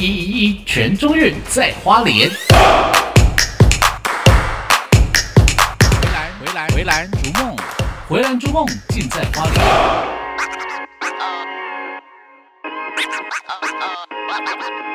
一一一，全中運，在花蓮。回來，回來，回來，逐夢，回來，逐夢，盡在花蓮。啊啊啊啊啊啊啊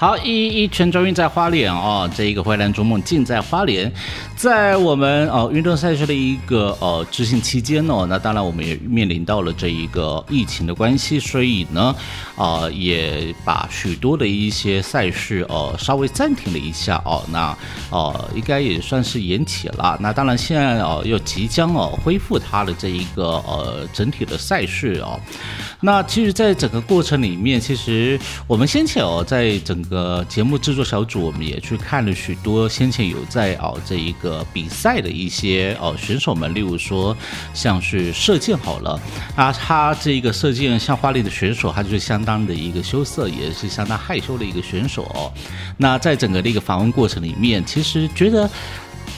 好，一一全中運在花蓮哦，這一個洄瀾逐夢盡在花蓮，在我們哦、呃、運動賽事的一個呃執行期間呢、哦，那當然我們也面臨到了這一個疫情的關係，所以呢，呃也把許多的一些賽事呃稍微暫停了一下哦，那呃應該也算是延期了，那當然現在哦、呃、又即將哦、呃、恢復它的這一個呃整體的賽事哦。那其實，在整個過程裡面，其實我們先前哦，在整個節目制作小組，我們也去看了許多先前有在哦這一個比賽的一些哦選手們，例如說像是射箭好了，那他這一個射箭像花蓮的選手，他就是相當的一個羞澀，也是相當害羞的一個選手。那在整個的一個訪問過程裡面，其實覺得。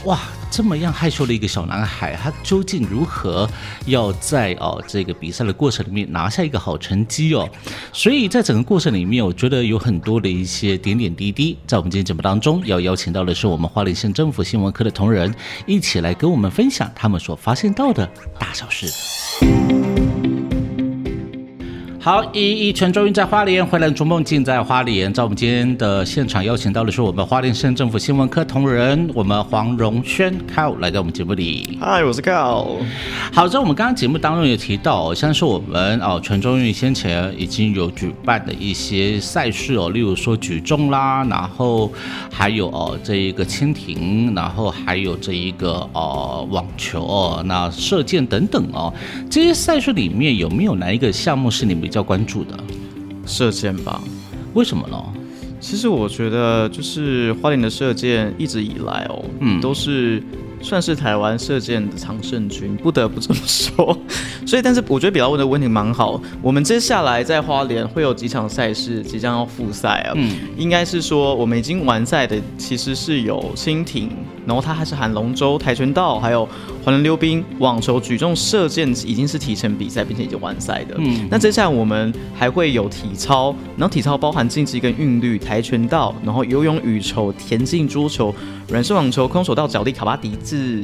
哇，這麼樣害羞的一個小男孩，他究竟如何要在哦這個比賽的過程裡面拿下一個好成績哦？所以在整個過程裡面，我覺得有很多的一些點點滴滴。在我們今天節目當中要邀請到的是我們花蓮縣政府新聞科的同仁，一起來跟我們分享他們所發現到的大小事。好，一一全中運在花蓮，回來逐夢盡在花蓮。在我們今天的現場邀請到的是我們花蓮縣政府新聞科同仁，我們黃榮軒 Kyle 來到我們節目裡。Hi，我是 Kyle。好，在我們剛剛節目當中有提到，像是我們哦，全中運先前已經有舉辦的一些賽事哦，例如說舉重啦，然後還有哦這一個蜻蜓，然後還有這一個哦網球哦，那射箭等等哦，這些賽事裡面有沒有哪一個項目是你們？比較關注的射箭吧？為什麼呢？其實我覺得，就是花蓮的射箭一直以來哦，嗯，都是算是台灣射箭的常勝軍，不得不這麼說。所以，但是我覺得比較問的問題蠻好。我們接下來在花蓮會有幾場賽事即將要復賽啊，嗯、應該是說我們已經完賽的，其實是有輕艇，然後它還是含龍舟、跆拳道、還有滑輪溜冰、網球、舉重、射箭，已經是提前比賽並且已經完賽的。嗯，那接下來我們還會有體操，然後體操包含競技跟韻律、跆拳道，然後游泳、羽球、田徑、桌球、軟式網球、空手道、角力、卡巴迪子。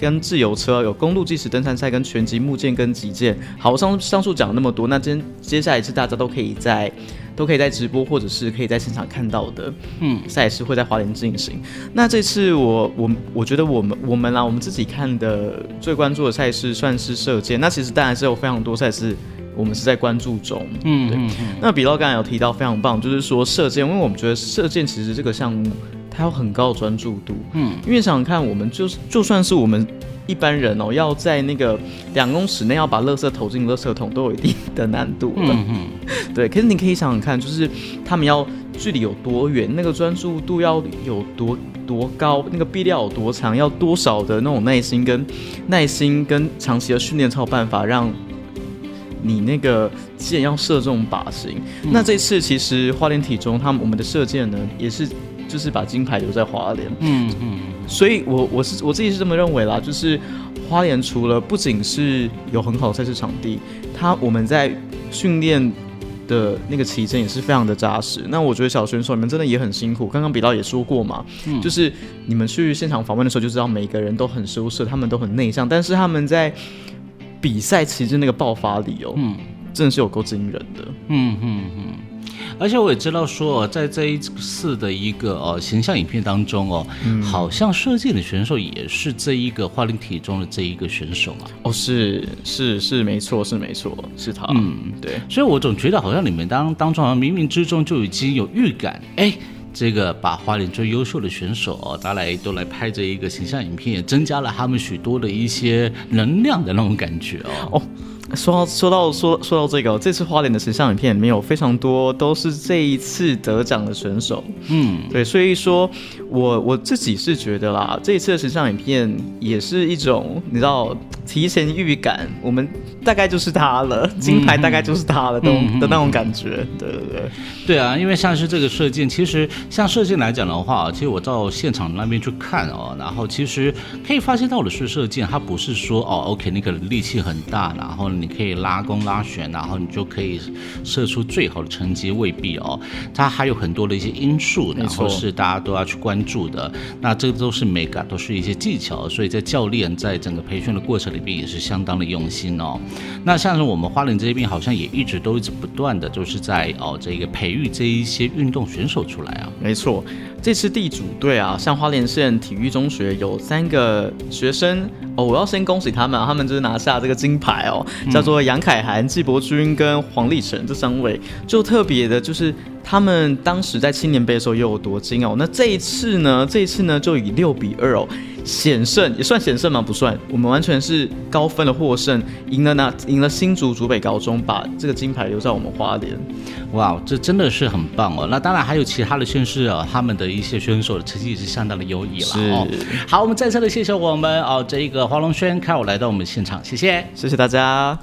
跟自由車有公路計時、登山賽跟全集木劍跟擊劍。好，我上上述講了那麼多，那今天接下來一次大家都可以在都可以在直播或者是可以在現場看到的，嗯，賽事會在花蓮進行。那這次我我我覺得我們我們啦，我們自己看的最關注的賽事算是射箭。那其實當然是有非常多賽事我們是在關注中，嗯，對。那比如剛才有提到非常棒，就是說射箭，因為我們覺得射箭其實這個項目，他有很高的專注度，嗯，因為想想看，我們就是就算是我們一般人哦、喔，要在那個兩公尺內要把垃圾投進垃圾桶，都有一定的難度的，嗯嗯，對。可是你可以想想看，就是他們要距離有多遠，那個專注度要有多多高，那個臂力有多長，要多少的那種耐心跟耐心跟長期的訓練才有辦法讓你那個箭要射中靶心。嗯、那這次其實花蓮體中他們我們的射箭呢，也是。就是把金牌留在花蓮，嗯，嗯嗯，所以我我是我自己是這麼認為啦，就是花蓮，除了不僅是有很好的賽事場地，他我們在訓練的那個期間也是非常的扎實。那我覺得小選手你們真的也很辛苦，剛剛比道也說過嘛，嗯，就是你們去現場訪問的時候就知道每個人都很羞澀，他們都很內向，但是他們在比賽期間那個爆發力哦，嗯，真的是有夠驚人的，嗯嗯嗯。嗯嗯而且我也知道說、哦，在這一次的一個呃、哦、形象影片當中哦、嗯、好像設計的選手也是這一個花蓮體中的這一個選手嘛、啊。哦，是是是，沒錯，是沒錯，是他。嗯，對。所以我總覺得好像你們當當中好、啊、像冥冥之中就已經有預感，哎、欸，這個把花蓮最優秀的選手、哦，大家都來拍這一個形象影片，也增加了他們許多的一些能量的那種感覺哦。哦說到說到說說到這個，這次花蓮的時尚影片裡面有非常多都是這一次得獎的選手，嗯，對，所以說我我自己是覺得啦，這一次的時尚影片也是一種，你知道。提前預感，我們大概就是他了，金牌大概就是他了，都都那種感覺，對對對，對啊，因為像是這個射箭，其實像射箭來講的話，其實我到現場那邊去看哦，然後其實可以發現到的是射箭，它不是說哦，OK，那個力氣很大，然後你可以拉弓拉弦，然後你就可以射出最好的成績，未必哦，它還有很多的一些因素，然後是大家都要去關注的。錯那這都是每個都是一些技巧，所以在教練在整個培訓的過程裡。也是相當的用心哦，那像是我們花蓮這一邊，好像也一直都一直不斷的，就是在哦這個培育這一些運動選手出來啊。沒錯，這次地主隊啊，像花蓮縣體育中學有三個學生哦，我要先恭喜他們，他們就是拿下這個金牌哦，嗯、叫做楊凱涵、紀伯君跟黃立成這三位，就特別的就是。他們當時在青年杯的時候又有多精哦？那這一次呢？這一次呢，就以六比二哦險勝，也算險勝嗎？不算，我們完全是高分的獲勝，贏了呢，贏了新竹竹北高中，把這個金牌留在我們花蓮。哇，這真的是很棒哦！那當然還有其他的縣市啊，他們的一些選手的成績也是相當的優異了是哦。好，我們再次的謝謝我們哦這一個華龍軒開我來到我們現場，謝謝，謝謝大家。